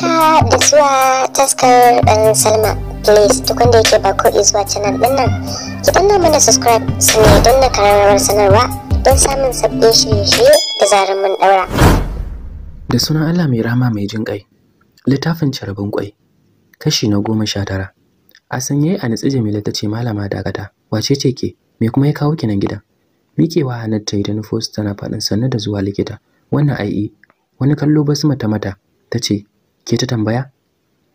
haka da zuwa taskar dan salma please duk wanda yake ba ko zuwa canal din nan ki danna mana subscribe su ne don na kararrawar sanarwa don samun sabbin shirye-shirye da zarar mun daura da sunan allah mai rama mai jin kai littafin carabin kwai kashi na goma sha tara a sanye a natsi jamila ta ce malama dakata wace ce ke me kuma ya kawo ki nan gidan miƙewa hannun ta yi fos tana faɗin sannu da zuwa likita wannan ai'i wani kallo basu mata mata ta ce ke ta tambaya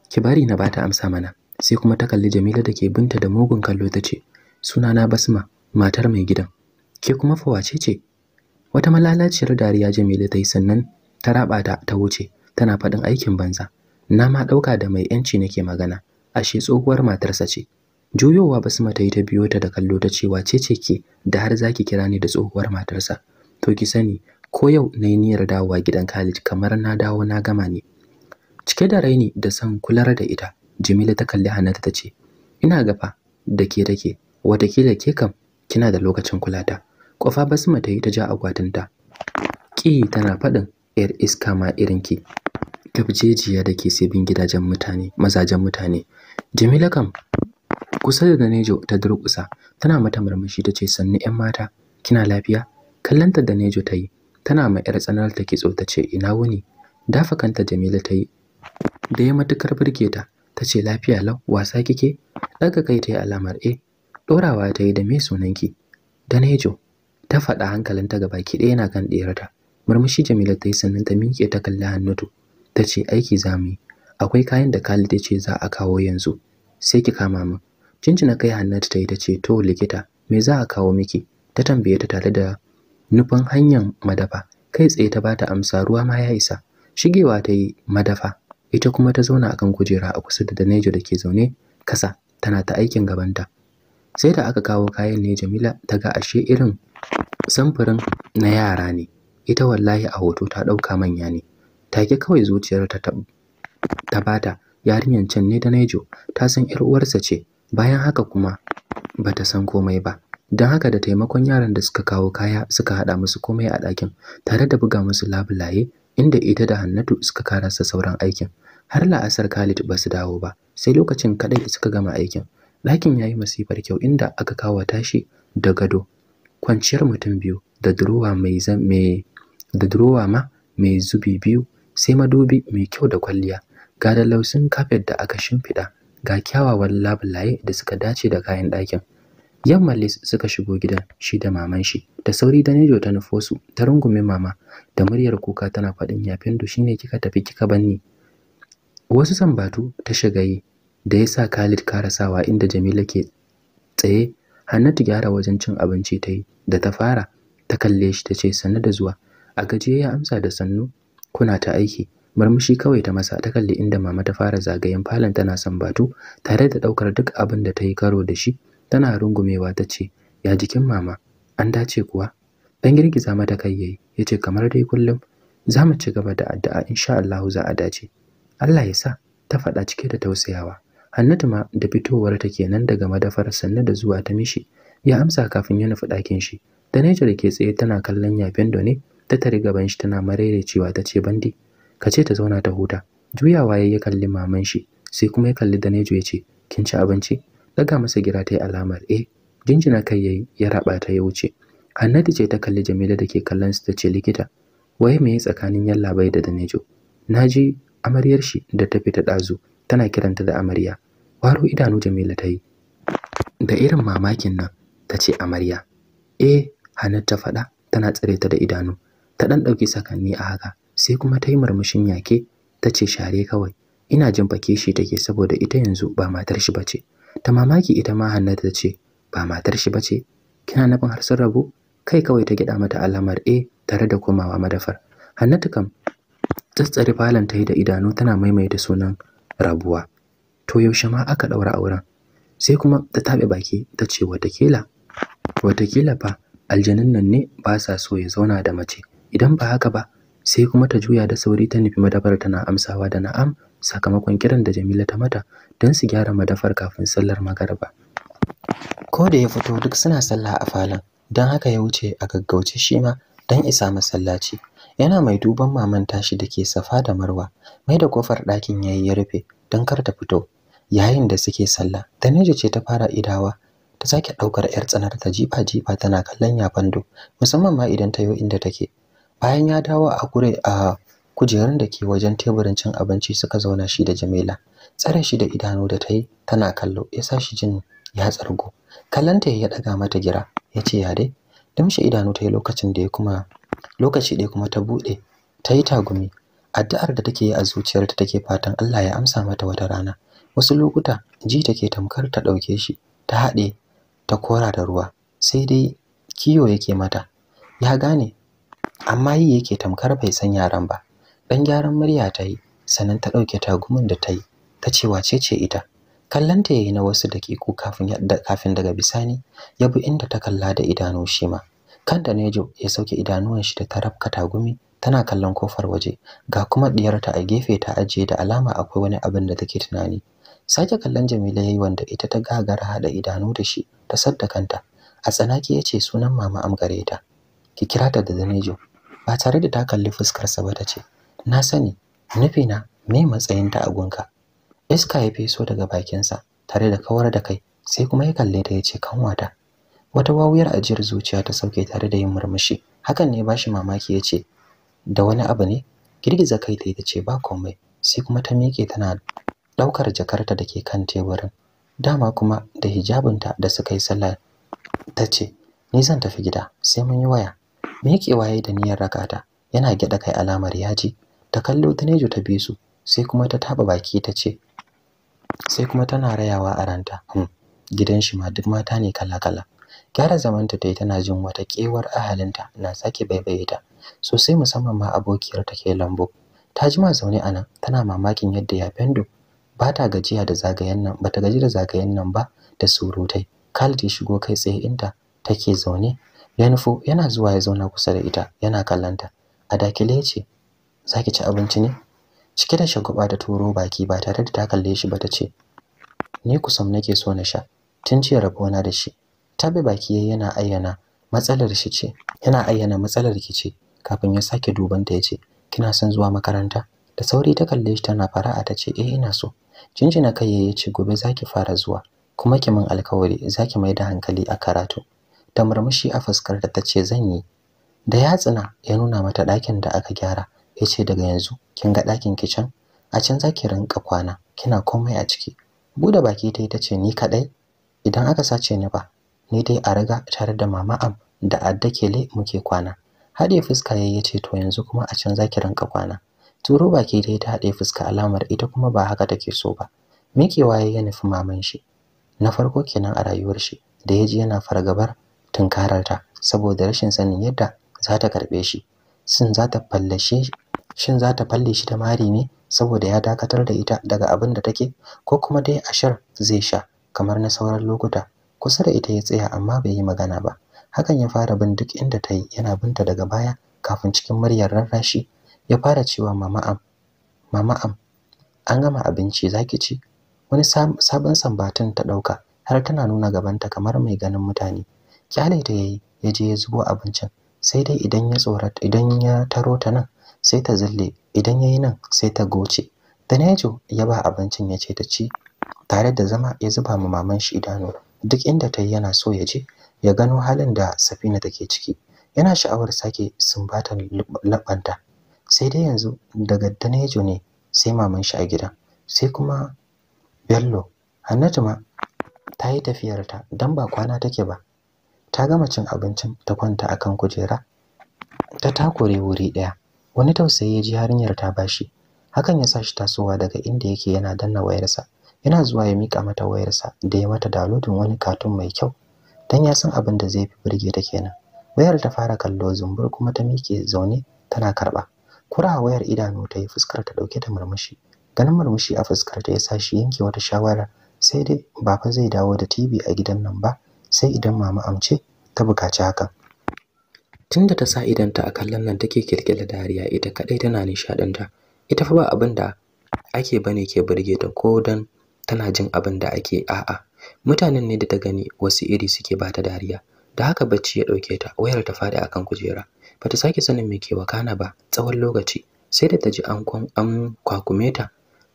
ki bari na bata amsa mana sai kuma ta kalli Jamila da ke binta da mugun kallo ta ce sunana Basma matar mai gidan ke kuma fa wace ce wata malalaciyar dariya Jamila ta yi sannan ta raba ta wuce tana faɗin aikin banza na ma ɗauka da mai yanci nake magana ashe tsohuwar matarsa ce juyowa Basma ta yi ta biyo ta da kallo ta ce wace ce ke da har zaki kira ni da tsohuwar matarsa to ki sani ko yau na yi niyyar dawowa gidan Khalid kamar na dawo na gama ne Cike da raini da son kular da ita, Jamila ta kalli hannata ta ce, Ina gafa da ke wata watakila ke kam kina da lokacin kulata. Kofa basma ta yi ta ja ta. Ki tana faɗin ‘yar iska ma irin ki. Gabjejiya da ke bin gidajen mutane, mazajen mutane. Jamila kam kusa da Danejo ta durƙusa, tana mata murmushi ta ce sannu ‘yan mata, kina lafiya? Kallanta Danejo ta yi, tana ma ‘yar tsanar ta kitso ta ce ina wuni. Dafa kanta Jamila ta yi da ya matukar burge ta ta ce lafiya lau wasa kike daga kai ta yi alamar e ɗorawa ta yi da me sunanki danejo ta faɗa hankalinta ga baki ɗaya yana kan ɗerata murmushi jamila ta yi sannan ta miƙe ta kalli hannutu ta ce aiki za mu yi akwai kayan da kali ya ce za a kawo yanzu sai ki kama min cincina kai hannatu ta yi ta ce to likita me za a kawo miki ta tambaye ta tare da nufin hanyar madafa kai tsaye ta bata amsa ruwa ma ya isa shigewa ta yi madafa ita kuma ta zauna akan kujera a kusa da Danejo da ke zaune kasa tana ta aikin gabanta sai da aka kawo kayan ne Jamila ta ga ashe irin samfurin na yara ne ita wallahi a hoto ta ɗauka manya ne take kawai zuciyar ta ta bata yarinyar can ne Danejo ta san ƴar uwarsa ce bayan haka kuma bata san komai ba don haka da taimakon yaran da suka kawo kaya suka haɗa musu komai a ɗakin tare da buga musu labulaye inda ita da Hannatu suka karasa sauran aikin. Har la'asar Khalid ba su dawo ba, sai lokacin kaɗai suka gama aikin. Ɗakin ya yi masifar kyau inda aka kawo tashi da gado, kwanciyar mutum biyu da durowa mai da durowa ma mai zubi biyu sai madubi mai kyau da kwalliya. Ga da lausun kafet da aka shimfiɗa, ga kyawawan labulaye da suka dace da kayan ɗakin. yamma Liz suka shigo gidan shi da maman shi da sauri Danejo ta nufo su ta rungume mama da muryar kuka tana faɗin yafindo shine kika tafi kika banni wasu sambatu ta shiga yi da yasa sa Khalid karasawa inda Jamila ke tsaye Hannatu gyara wajen cin abinci ta yi da ta fara ta kalle shi ta ce sannu da zuwa a gaje ya amsa da sannu kuna ta aiki murmushi kawai ta masa ta kalli inda mama ta fara zagayen falon tana sambatu tare da daukar duk abin da ta yi karo da shi tana rungumewa ta ce ya jikin mama an dace kuwa dan girgiza mata kai yayi yace kamar dai kullum za mu ci gaba da addu'a insha Allah za a dace Allah ya sa ta faɗa cike da tausayawa Hannatu ma da fitowar ta kenan daga madafar sannu da zuwa ta mishi ya amsa kafin ya nufi ɗakin shi da da ke tsaye tana kallon yafen ne ta tare gaban shi tana cewa ta ce bandi ka ce ta zauna ta huta juyawa ya kalli maman shi sai kuma ya kalli Danejo ya ce kin ci abinci daga masa gira ta yi alamar eh jinjina kai yayi ya raba ta ya wuce hannatu ce ta kalli jamila da ke kallon su ta ce likita waye me tsakanin yallabai da danejo Na ji amaryar shi da ta fita dazu tana kiranta da amarya waro idanu jamila ta yi da irin mamakin nan ta ce amarya eh hannun ta faɗa tana tsare ta da idanu ta ɗan ɗauki sakanni a haka sai kuma ta yi murmushin yake ta ce share kawai ina jin fake shi take saboda ita yanzu ba matar shi ba ce. ta mamaki ita ma hannatu ta ce ba matar shi bace kina nufin har sun rabu kai kawai ta gida mata alamar e tare da komawa madafar hannatu kam tsatsare falon ta yi da idanu tana maimaita sunan rabuwa to yaushe ma aka daura auren sai kuma ta tabe baki ta ce watakila watakila ba aljanin nan ne ba sa so ya zauna da mace idan ba haka ba sai kuma ta juya da sauri ta nufi madafar tana amsawa da na'am sakamakon kiran da Jamila ta mata don su gyara madafar kafin sallar magariba. Ko da ya fito duk suna sallah a falon, don haka ya wuce a gaggauce shi ma don isa masallaci. Yana mai duban maman tashi da ke safa da marwa, mai da kofar ɗakin ya yi ya rufe don kar ta fito. Yayin da suke sallah, Taneja ce ta fara idawa ta sake ɗaukar 'yar tsanar ta jifa-jifa tana kallon yafando musamman ma idan ta yo inda take. Bayan ya dawo a kure a kujerun da ke wajen teburin cin abinci suka zauna shi da Jamila tsare shi da idanu da ta yi tana kallo ya sa shi jin ya tsargo kallanta ya daga mata gira ya ce ya dai damshi idanu ta yi lokacin da ya kuma lokaci ɗaya kuma ta buɗe ta yi tagumi addu'ar da take yi a zuciyarta take fatan Allah ya amsa mata wata rana wasu lokuta ji take tamkar ta ɗauke shi ta haɗe ta kora da ruwa sai dai kiyo yake mata ya gane amma yi yake tamkar bai san yaran ba dan gyaran murya ta yi sannan ta dauke tagumin da ta yi ta ce wace ce ita kallanta yayi na wasu dakiku kafin kafin daga bisani ya bi inda ta kalla da idanu shi ma kan da nejo ya sauke idanuwan shi da ta rafka tagumi tana kallon kofar waje ga kuma diyarta a gefe ta ajiye da alama akwai wani abin da take tunani sake kallon Jamila yayi wanda ita ta gagara hada idanu da shi ta sadda kanta a tsanaki ya ce sunan mama amgareta ki kira ta da Danejo ba tare da ta kalli fuskarsa ba ta ce. na sani nufina me ta a gunka iska ya feso daga bakinsa tare da kawar da kai sai kuma ya kalle ta ya ce kanwata wata wawuyar ajiyar zuciya ta sauke tare da yin murmushi hakan ne bashi mamaki ya ce da wani abu ne girgiza kai ta ita ce ba komai sai kuma ta miƙe tana ɗaukar jakarta da ke kan teburin dama kuma da hijabinta da suka yi sallah ta ce ni zan tafi gida sai mun yi waya miƙewa ya yi da niyyar rakata yana gyaɗa kai alamar yaji ta kallo Tinejo ta bi su sai kuma ta taba baki ta ce sai kuma tana rayawa a ranta hmm. gidan shi ma duk mata ne kala kala gyara zamanta ta yi tana jin wata kewar ahalinta na sake baibaye ta sosai musamman ma abokiyar ta ke lambo ta jima zaune a nan tana mamakin yadda ya fendo ba ta gajiya da zagayen nan ba ta gaji da zagayen nan ba da surutai kal ta shigo kai tsaye inda take zaune ya yana zuwa ya zauna kusa da ita yana kallanta a dakile ce zaki ci abinci ne cike da shaguba da turo baki ba tare da ta kalle shi ba tace ni kusam nake so na sha tun jiya rabona da shi tabe baki yayi yana ayyana matsalar shi ce yana ayyana matsalar ki ce kafin ya sake duban ta yace kina son zuwa makaranta da sauri ta kalle shi tana fara'a tace eh ina so jinjina kai yayi ce gobe zaki fara zuwa kuma ki min alkawari zaki mai da hankali a karatu ta murmushi a fuskar ta tace zan yi da yatsuna ya nuna mata ɗakin da aka gyara yace daga yanzu kin ga ɗakin kitchen a can zaki rinka kwana kina komai a ciki bude baki ta tace ni kadai idan aka sace ni ba ni dai a riga tare da mama am da adda kele muke kwana hade fuska yayi yace to yanzu kuma a can zaki rinka kwana turo baki dai ta haɗe fuska alamar ita kuma ba haka take so ba waye ya nufi maman shi na farko kenan a rayuwar shi da yaji yana fargabar tunkararta saboda rashin sanin yadda za ta karbe shi sun za ta fallashe shin za ta falle shi da mari ne saboda ya dakatar da ita daga abin da take ko kuma dai ashar zai sha kamar na sauran lokuta kusa da ita ya tsaya amma bai yi magana ba hakan ya fara bin duk inda ta yi yana binta daga baya kafin cikin muryar rarrashi ya fara cewa mama am mama am an gama abinci zaki ci wani sabon sambatin ta dauka har tana nuna gabanta kamar mai ganin mutane kyale ta yayi ya je ya zubo abincin sai dai idan ya tsorata idan ya taro ta nan sai ta zalle idan yayi nan sai ta goce Danejo ya ba abincin ya ce ta ci tare da zama ya zuba ma maman shi idanu duk inda ta yi yana so ya je ya gano halin da Safina take ciki yana sha'awar sake sumbatar labanta sai dai yanzu daga Danejo ne sai maman shi a gida sai kuma Bello Hannatu ma ta yi tafiyarta don ba kwana take ba ta gama cin abincin ta kwanta akan kujera ta takure wuri ɗaya wani tausayi ya ji yarinyar ta bashi hakan ya sa shi tasowa daga inda yake yana danna wayarsa yana zuwa ya mika mata wayarsa da ya mata downloadin wani katun mai kyau dan ya san abin da zai fi burge ta kenan wayar ta fara kallo zumbur kuma ta mike zaune tana karba kura wayar idanu ta yi fuskar ta dauke da murmushi ganin murmushi a fuskar ta ya sa shi yanke wata shawara sai dai ba zai dawo da TV a gidan nan ba sai idan mama amce ta bukaci hakan tunda ta sa idanta a kallon nan take kirkire dariya ita kadai tana nishadanta ita fa ba abin da ake bane ke burge ta ko dan tana jin abin da ake a'a mutanen ne da ta gani wasu iri suke ba ta dariya da haka bacci ya dauke ta wayar ta fada akan kujera Ba bata sake sanin me ke wakana ba tsawon lokaci sai da ta ji an an kwakume ta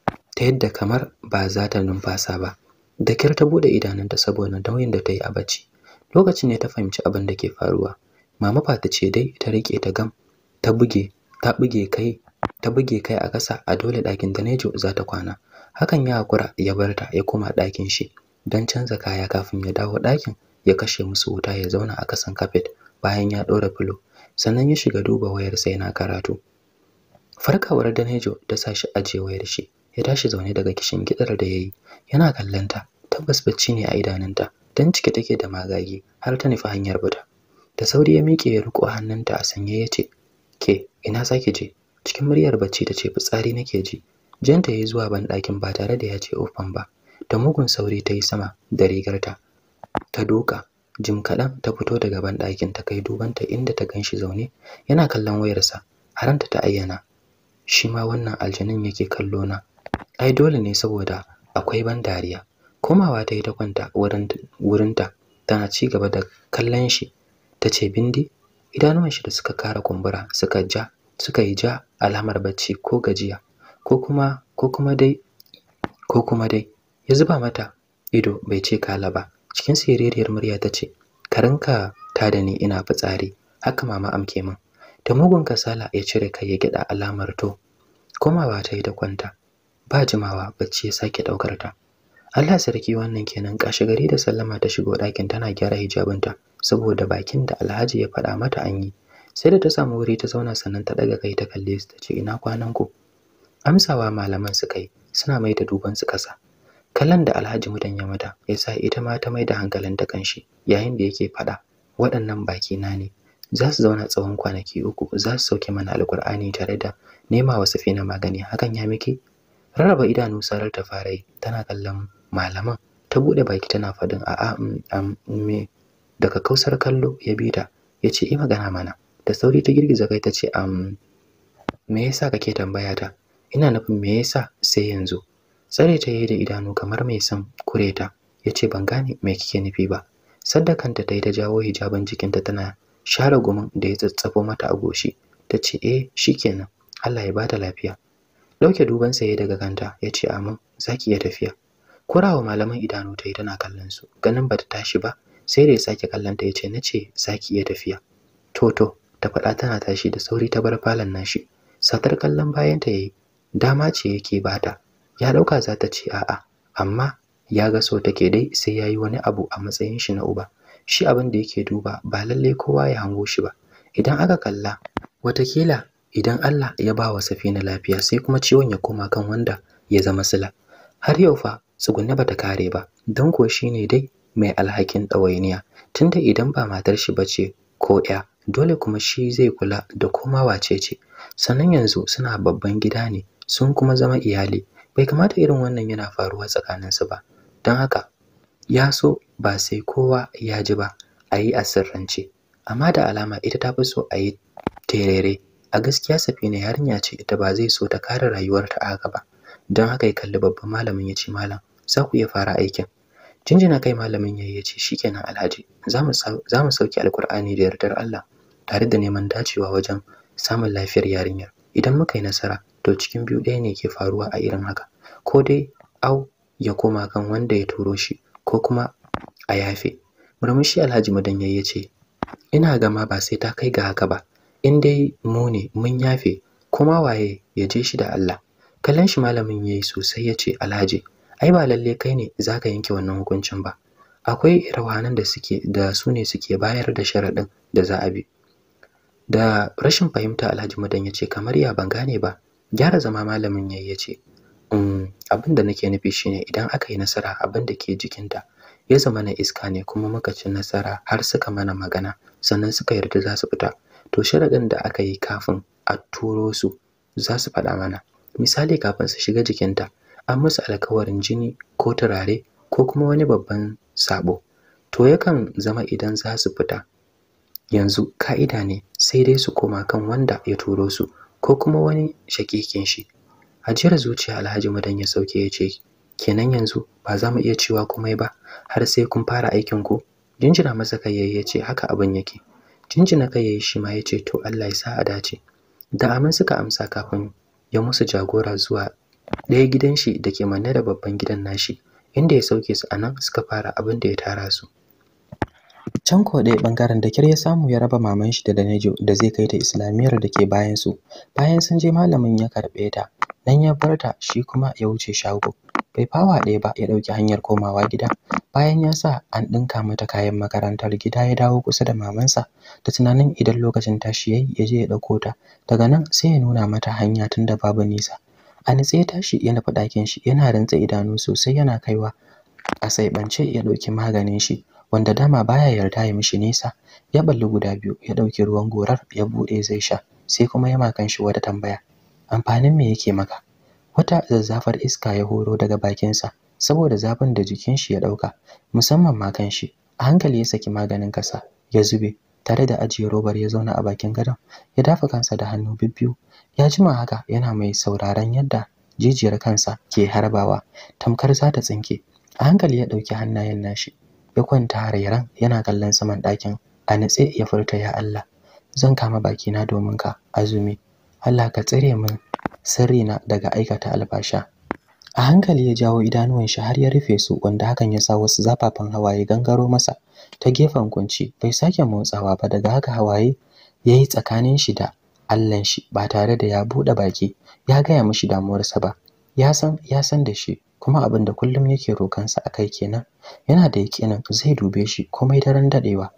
ta yadda kamar ba za ta numfasa ba da kyar ta bude idanunta saboda nauyin da ta yi a bacci lokacin ne ta fahimci abin da ke faruwa mama fata ce dai ta rike ta gam ta buge ta buge kai ta buge kai a kasa a dole ɗakin nejo za ta kwana hakan ya hakura ya barta ya koma ɗakin shi don canza kaya kafin ya dawo ɗakin ya kashe musu wuta ya zauna a kasan kafet bayan ya ɗora filo sannan ya shiga duba wayar sai yana karatu farkawar nejo ta sa shi ajiye wayar shi ya tashi zaune daga kishin gidar da yayi yana kallanta tabbas bacci ne a idanunta dan cike take da magagi har ta nufi hanyar bata da sauri ya miƙe ya riko hannunta a sanye ya ce ke ina zaki je cikin muryar bacci ta ce fitsari nake ji janta ya yi zuwa banɗakin ba tare da ya ce ofan ba da mugun sauri ta yi sama da rigarta ta doka jim kaɗan ta fito daga banɗakin ta kai dubanta inda ta ganshi zaune yana kallon wayarsa haranta ta ayyana shi ma wannan aljanin yake kallo na ai dole ne saboda akwai ban dariya komawa ta yi ta kwanta wurinta tana ci gaba da kallon shi ta ce bindi idanuwan shi da suka kara kumbura suka ja suka yi ja alamar bacci ko gajiya ko kuma ko kuma dai ko kuma dai ya zuba mata ido bai ce kala ba cikin siririyar murya ta ce ka rinka ta da ni ina fitsari haka mama amke min da mugun kasala ya cire kai ya gida alamar to komawa ta yi ta kwanta ba jimawa bacci ya sake daukar ta Allah sarki wannan kenan kashi gari da sallama ta shigo ɗakin tana gyara hijabinta saboda bakin da Alhaji ya faɗa mata an yi sai da ta samu wuri ta zauna sannan ta ɗaga kai ta kalle su ta ce ina kwanan ku amsawa malaman su kai suna mai da duban su ƙasa. kalan da Alhaji mudan ya mata ya sa ita ma ta mai da hankalin ta kanshi yayin da yake faɗa waɗannan baki na ne za su zauna tsawon kwanaki uku za su sauke mana alkur'ani tare da nema wa fina magani hakan ya miki rarraba idanu sarar ta fara tana kallon malaman ta buɗe baki tana faɗin a'a mm, me Daga kausar kallo ya bi ta ya ce yi magana mana da sauri ta girgiza kai ta ce am me yasa kake tambaya ta ina nufin me yasa sai yanzu tsare ta yi da idanu kamar mai son kureta ya ce ban gane me kike nufi ba saddakanta ta yi ta jawo hijabin jikinta tana share gumin da ya tsatsafo mata a goshi ta ce eh shikenan Allah ya bata lafiya dauke duban saye daga kanta ya ce amin zaki iya tafiya kurawa malaman idanu ta yi tana kallon su ganin bata tashi ba sai da ya sake kallanta ya ce na ce za ki iya tafiya toto ta faɗa tana tashi da sauri ta bar falon nashi satar kallon bayanta ya yi dama ce yake bata ya ɗauka za ta ce a'a amma ya ga so take dai sai ya yi wani abu a matsayin shi na uba shi abin da yake duba ba lallai kowa ya hango shi ba idan aka kalla watakila idan Allah ya ba wa safina lafiya sai kuma ciwon ya koma kan wanda ya zama sila har yau fa tsugunne bata kare ba don kuwa shine dai mai alhakin ɗawainiya tunda idan ba matar shi bace ko ya dole kuma shi zai kula da koma wace ce sannan yanzu suna babban gida ne sun kuma zama iyali bai kamata irin wannan yana faruwa tsakaninsu ba don haka ya so ba sai kowa ya ji ba a yi a sirrance amma da alama ita ta fi so a yi terere a gaskiya safina yarinya ce ita ba zai so ta kare rayuwarta a haka ba don haka ya kalli babban malamin ya ce malam za ku iya fara aikin jinjina kai malamin yayi ya ce shikenan alhaji za mu sauke alkur'ani da yardar allah tare da neman dacewa wajen samun lafiyar yarinyar idan muka yi nasara to cikin biyu ɗaya ne ke faruwa a irin haka ko dai au ya koma kan wanda ya turo shi ko kuma a yafe murmushi alhaji madan ya ce ina gama ba sai ta kai ga haka ba in dai mu ne mun yafe kuma waye ya je shi da allah kallon shi malamin yayi sosai ya ce alhaji ai ba lalle kai ne za ka yanke wannan hukuncin ba akwai rawanan da suke da su ne suke bayar da sharaɗin da za a bi da rashin fahimta alhaji madan ya ce kamar ya ban gane ba gyara zama malamin yayi ya ce um, abin da nake nufi shine idan aka yi nasara abin da ke jikinta ya zama na iska ne kuma muka ci nasara har suka mana magana sannan suka yarda za su fita to sharaɗin da aka yi kafin a turo su za su faɗa mana misali kafin su shiga jikinta an musu alkawarin jini ko turare ko kuma wani babban saɓo, to yakan zama idan za su fita yanzu ka'ida ne sai dai su koma kan wanda ya turo su ko kuma wani shakikin shi ajiyar zuciya alhaji madan ya sauke ya ce kenan yanzu ba za mu iya cewa komai ba har sai kun fara aikin ku jinjina masa kai ya ce haka abin yake jinjina kai yayi shi ma yace to Allah ya sa a dace da amin suka amsa kafin ya musu jagora zuwa ɗaya gidan shi da ke manne da babban gidan nashi inda ya sauke su a nan suka fara abin da ya tara su can ko ɗaya ɓangaren da kyar ya samu ya raba maman shi da danejo da zai kai ta islamiyyar da ke bayan su bayan sun je malamin ya karɓe ta nan ya bar ta shi kuma ya wuce shago bai fawa ɗaya ba ya ɗauki hanyar komawa gida bayan ya sa an ɗinka mata kayan makarantar gida ya dawo kusa da mamansa da tunanin idan lokacin tashi yayi ya je ya ɗauko ta daga nan sai ya nuna mata hanya tunda babu nisa a nitse ya tashi ya nufi ɗakin shi yana rantsa idanu sosai yana kaiwa a saiɓance ya ɗauki maganin shi wanda dama baya yarda ya mishi nisa ya balli guda biyu ya ɗauki ruwan gorar ya buɗe zai sha sai kuma ya makan shi wata tambaya amfanin me yake maka wata zazzafar iska ya horo daga bakinsa saboda zafin da jikin shi ya ɗauka musamman ma kan shi a hankali ya saki maganin kasa ya zube tare da ajiye robar ya zauna a bakin gadon ya dafa kansa da hannu bibbiyu ya jima haka yana mai sauraron yadda jijiyar kansa ke harbawa tamkar za ta tsinke a hankali ya ɗauki hannayen nashi ya kwanta harairan yana kallon saman ɗakin a nutse ya furta ya Allah zan kama bakina domin ka azumi Allah ka tsire min sirri na daga aikata albasha a hankali ya jawo idanuwan shi har ya rufe su wanda hakan ya sa wasu zafafan hawaye gangaro masa ta gefen kunci bai sake motsawa ba daga haka hawaye yayi tsakanin shi da Allahn shi ba tare da ya buɗe baki ya gaya mishi damuwarsa ba ya san ya san da shi kuma abin da kullum yake rokansa a kai kenan yana da yakinin zai dube shi komai daren daɗewa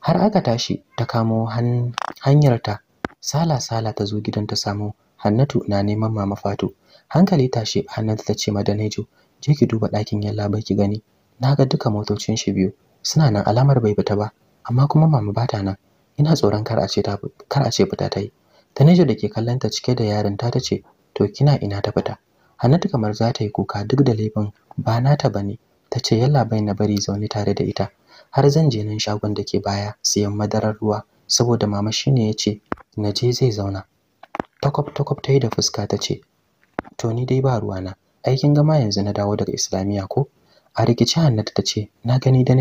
har aka tashi ta kamo hanyarta sala sala ta zo gidan ta samu hannatu na neman mama fatu hankali tashi hannatu ta ce ma madanejo je ki duba ɗakin yalla ba ki gani na ga duka motocin shi biyu suna nan alamar bai fita ba amma kuma mama bata nan ina tsoron kar a ce fita ta yi Tanisha da ke kallonta cike da yarinta ta ce, "To kina ina ta fita?" Hannatu kamar za ta yi kuka duk da laifin ba nata ne. Ta ce, "Yalla bai na bari zaune tare da ita. Har zan je nan shagon da ke baya siyan madarar ruwa saboda mama shine ya ce na je zai zauna." Takwab takwab ta yi da fuska ta ce, "To ni dai ba ruwana. Ai kin gama yanzu na dawo daga Islamiyya ko?" A rikici Hannatu ta ce, "Na gani da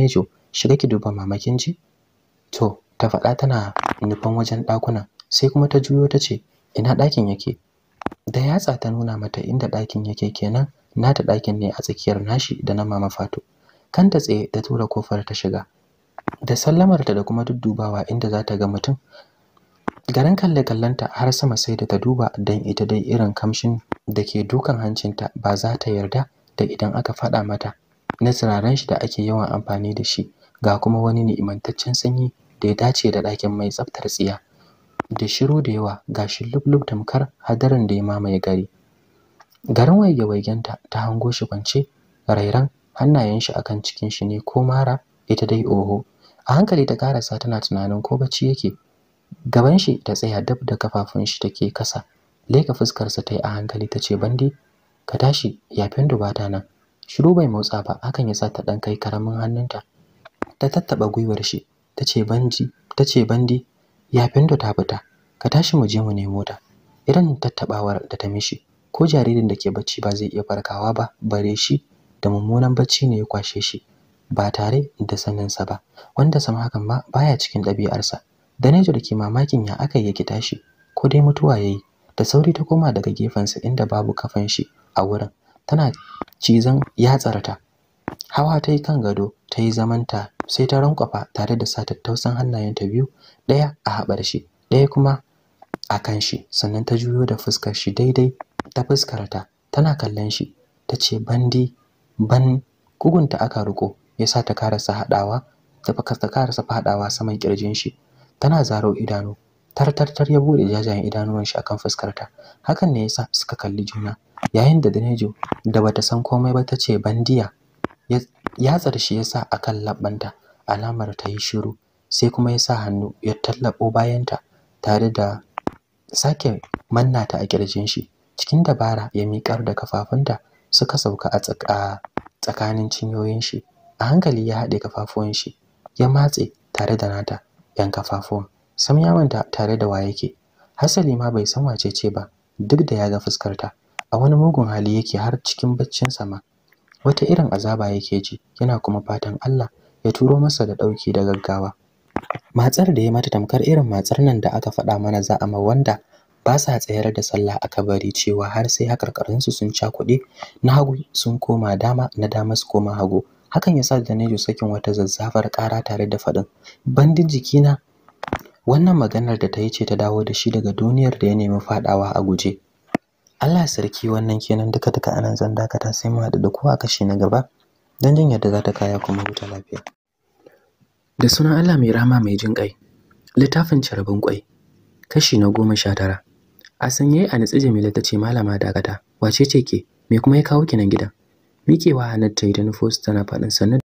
shiga ki duba mama kin ji?" To, ta faɗa tana nufan wajen ɗakuna sai kuma ta juyo ta ce ina ɗakin yake da yatsa ta nuna mata inda ɗakin yake kenan nata ɗakin ne a tsakiyar nashi da na mama Fato kanta tsaye ta tura kofar ta shiga da sallamar ta da kuma duddubawa inda za ta ga mutum garin kalle kallanta har sama sai da ta duba dan ita dai irin kamshin da ke dukan hancinta ba za ta yarda da idan aka faɗa mata na turaren shi da ake yawan amfani da shi ga kuma wani ni'imantaccen sanyi da ya dace da ɗakin mai tsaftar tsiya da shiru da yawa gashi lublub tamkar hadarin da ya mamaye gari garin waige-waigenta ta hango shi kwance rairan hannayen shi akan cikin shi ne ko mara ita dai oho a hankali ta karasa tana tunanin ko bacci yake gaban shi ta tsaya dab da kafafun shi take kasa leka fuskarsa ta yi a hankali ta ce bandi ka tashi ya yafin bata nan shiru bai motsa ba hakan ya sa ta dan kai karamin hannunta ta tattaba gwiwar shi ta ce bandi ya findo ta fita ka tashi mu je mu nemo ta irin tattabawar da ta mishi ko jaririn da ke bacci ba zai iya farkawa ba bare shi da mummunan bacci ne ya kwashe shi ba tare da saninsa ba wanda sam hakan ba baya cikin ɗabi'arsa Danejo da ke mamakin ya aka yake tashi ko dai mutuwa yayi da sauri ta koma daga gefensa inda babu kafan shi a wurin tana cizon ya tsarata. hawa ta yi kan gado ta yi zamanta sai ta rankwafa tare da sa tattausan ta biyu ɗaya a haɓar shi ɗaya kuma a kan shi sannan ta juyo da fuskar shi daidai ta fuskarta tana kallon shi ta ce bandi ban kugunta aka riko ya sa ta karasa haɗawa ta karasa faɗawa saman kirjin shi tana zaro idanu tartartar ya buɗe jajayen idanuwan shi akan fuskarta hakan ne yasa suka kalli juna yayin da Danejo da bata san komai ba ta ce bandiya Ya shi ya sa akan labbanta alamar ta yi shiru sai kuma ya sa hannu ya tallabo bayanta tare da sake manna ta a kirjin shi cikin dabara ya miƙar da kafafunta suka sauka a tsakanin cinyoyin shi a hankali ya haɗe kafafuwan shi ya matse tare da nata yan kafafuwan sam ya manta tare da wa yake hasali ma bai san wace ce ba duk da ya ga fuskarta a wani mugun hali yake har cikin baccin sama wata irin azaba yake ji yana kuma fatan Allah ya turo masa da dauki da gaggawa matsar da ya mata tamkar irin matsar nan da aka faɗa mana za a ma wanda ba sa tsayar da sallah a kabari cewa har sai su sun cakuɗe na hagu sun koma dama na dama su koma hagu hakan yasa da ne sakin wata zazzafar ƙara tare da faɗin bandin jikina wannan maganar da ta yi ce ta dawo da shi daga duniyar da ya nemi faɗawa a guje Allah sarki wannan kenan duka duka anan zan dakata sai mu haɗu da kowa kashi na gaba don jin yadda za ta kaya kuma huta lafiya da sunan Allah mai rahama mai jin ƙai littafin carabin ƙwai kashi na goma sha tara a sanye a nitsi jamila ta ce malama dakata wace ce ke me kuma ya kawo kinan nan gidan miƙewa hannun ta idan fos tana faɗin sannan